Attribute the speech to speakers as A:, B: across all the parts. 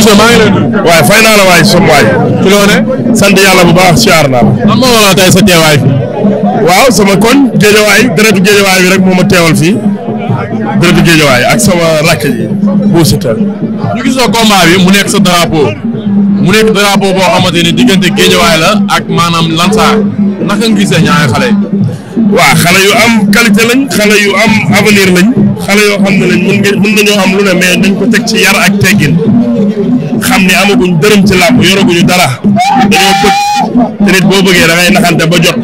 A: Boucher maa ngi lay waaye fay naa la waay sama waay. ci bu baax siyaar naa la. lan moo sa teewaay fi. waaw sama koñ géejawaay deretu géejawaay bi rek moo ma teewal fii deretu géejawaay ak sama rakk yi Bou Siteu. ñu gis sa combat bi mu nekk sa drapeau mu nekk drapeau boo xamante ni diggante géejawaay la ak maanaam Lansar. naka nga gisee ñaari xale yi. waaw xale yu am qualité lañ xale yu am avenir lañ xale yoo xam ne lañ mën nañoo xam lu ne mais dañ ko teg ci yar ak teggin xam ni amaguñ dërëm ci làmb yoraguñu dara dañoo te nit boo bëggee da ngay naxante ba jot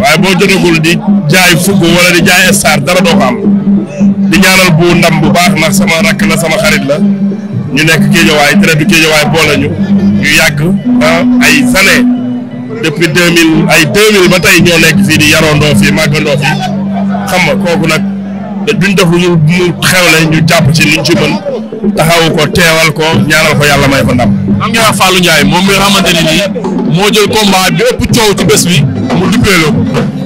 A: waaye boo jotagul di jaay fukk wala di jaay star dara doo am di ñaanal bu ndam bu baax ndax sama rakk na sama xarit la ñu nekk Géejawaay traite du Géejawaay boole ñu ñu yàgg ah, ay années. depuis deux mille ay deux mille ñoo nekk fii di yarandoo fii màggandoo doo xam nga kooku nag duñ def lu ñu mu xewle ñu jàpp ci liñ ci mën taxawu ko teewal ko ñaanal ko yàlla may ko ndam. am nga Fallou moom mi nga xamante ne nii moo jël combat bi ëpp coow ci bés bi mu duppeeloo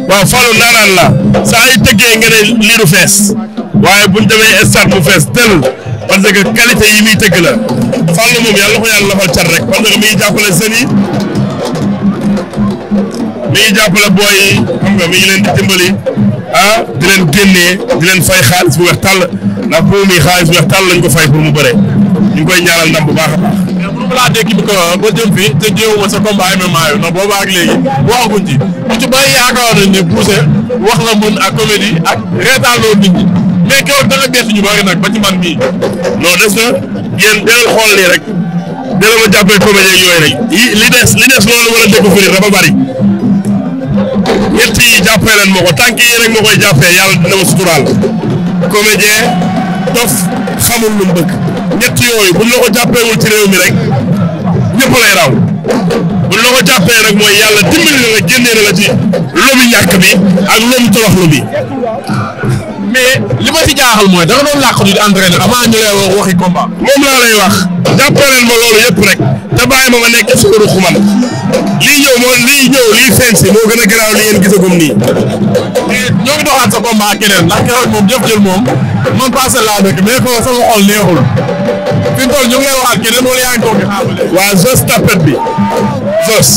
A: waaw Fallou naanaan la saa yi tëggee nga ne lii du fees waaye buñ demee stade bu fees tel parce que qualité yi muy tëgg la Fallou moom yàlla ko yàlla lafal car rek parce que muy jàppale seen mi jàpp jàppale booy yi xam nga mi ngi leen di dimbali ah di leen génnee di leen fay xaalis bu weex tàll ndax boobu muy xaalis bu weex tàll lañ ko fay pour mu bëree ñu ngi koy ñaanal ndam bu baax a baax. mais bu ma laa dégg ko ba jëm fii te jéewuma sa combat MMA yi ndax boobaa ak léegi waxaguñ ci bu ci bëri yaakaar nañ ne Boucher wax la mën ak comédie ak reetaanloo nit ñi mais keroog danga bett ñu bari nag ba ci man mii. non des na yéen delloo xool nii rek delloo ma jàppee comédie yooyu rek yi li des li des loolu a découvrir ñett yi jàppee leen ma ko tànk yi rek ma koy jàppee yàlla dina ma suturaal comédien dof xamul lu mu bëgg ñett yooyu buñ la ko jàppeewul ci réew mi rek ñëpp lay raw buñ la ko jàppee rek mooy yàlla dimbali na nga la ci lomi ñàkk bi ak lomu toroxlu bi mais li ma ci jaaxal mooy da nga doon làqatu di entraîner avant ñu lay wax waxi moom laa lay wax jàppee leen loolu yëpp rek na bàyyi ma ma nekk ci sama ruq man lii ñëw moo lii ñëw lii feeñ si moo gën a garaaw li ngeen gisagum nii. ñoo ngi doxaat sa combat ak keneen ndax keroog moom jëf jël moom man passé laa dëkk mais ko sama xol neexul fi mu toll ñu ngi lay waxaat keneen wala yaa ngi toog di xaamale. waa Zos tapet bi Zos.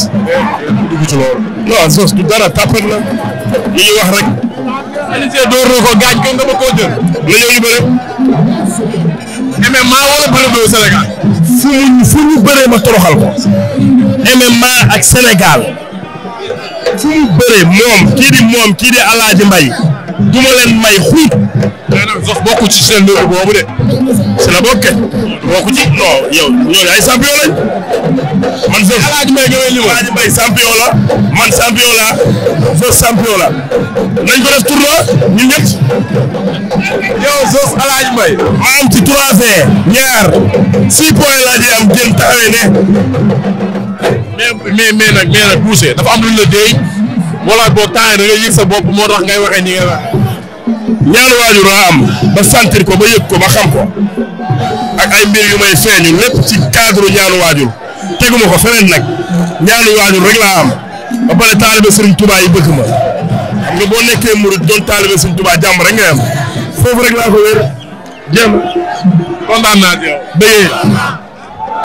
A: dugg ci loolu. non Zos du dara tapet la li ñu wax rek. Aliou door na ko gaañ ko nga ba koo jël. la ñëw ñu bëri. MMA wala bëri bu Sénégal. fu mu fu mu bëree ma toroxal ko MMA ak Sénégal fu mu bëree moom kii di moom kii di Mbay du ma leen may xuut. nee na Zox bokku ci seen loolu boobu de si la bokke bokku ci non man Zox Alaaji Mbay nga li ma Alaaji Mbay champion la man champion la Zox champion la nañ ko def tournoi ñu Sow Alaaj Mbay ma am ci trois faits ñaar six points laa ji am jëm taxawee ne mais mais mais nag mais nag poussé dafa am luñ la déy wala boo temps yi da ngay yëg sa bopp moo tax ngay waxee ni ngay waxee ñaanu waajur am ba sentir ko ba yëg ko ba xam ko ak ay mbir yu may feeñu lépp ci cadre ñaanu waajur teguma ko feneen nag ñaanu waajur rek laa am ba pare taalibe Serigne Touba yi bëgg ma xam nga boo nekkee murid doon taalibe Serigne Touba jàmm rek ngay am foofu rek laa ko wér jëm kontaan naa ci yow.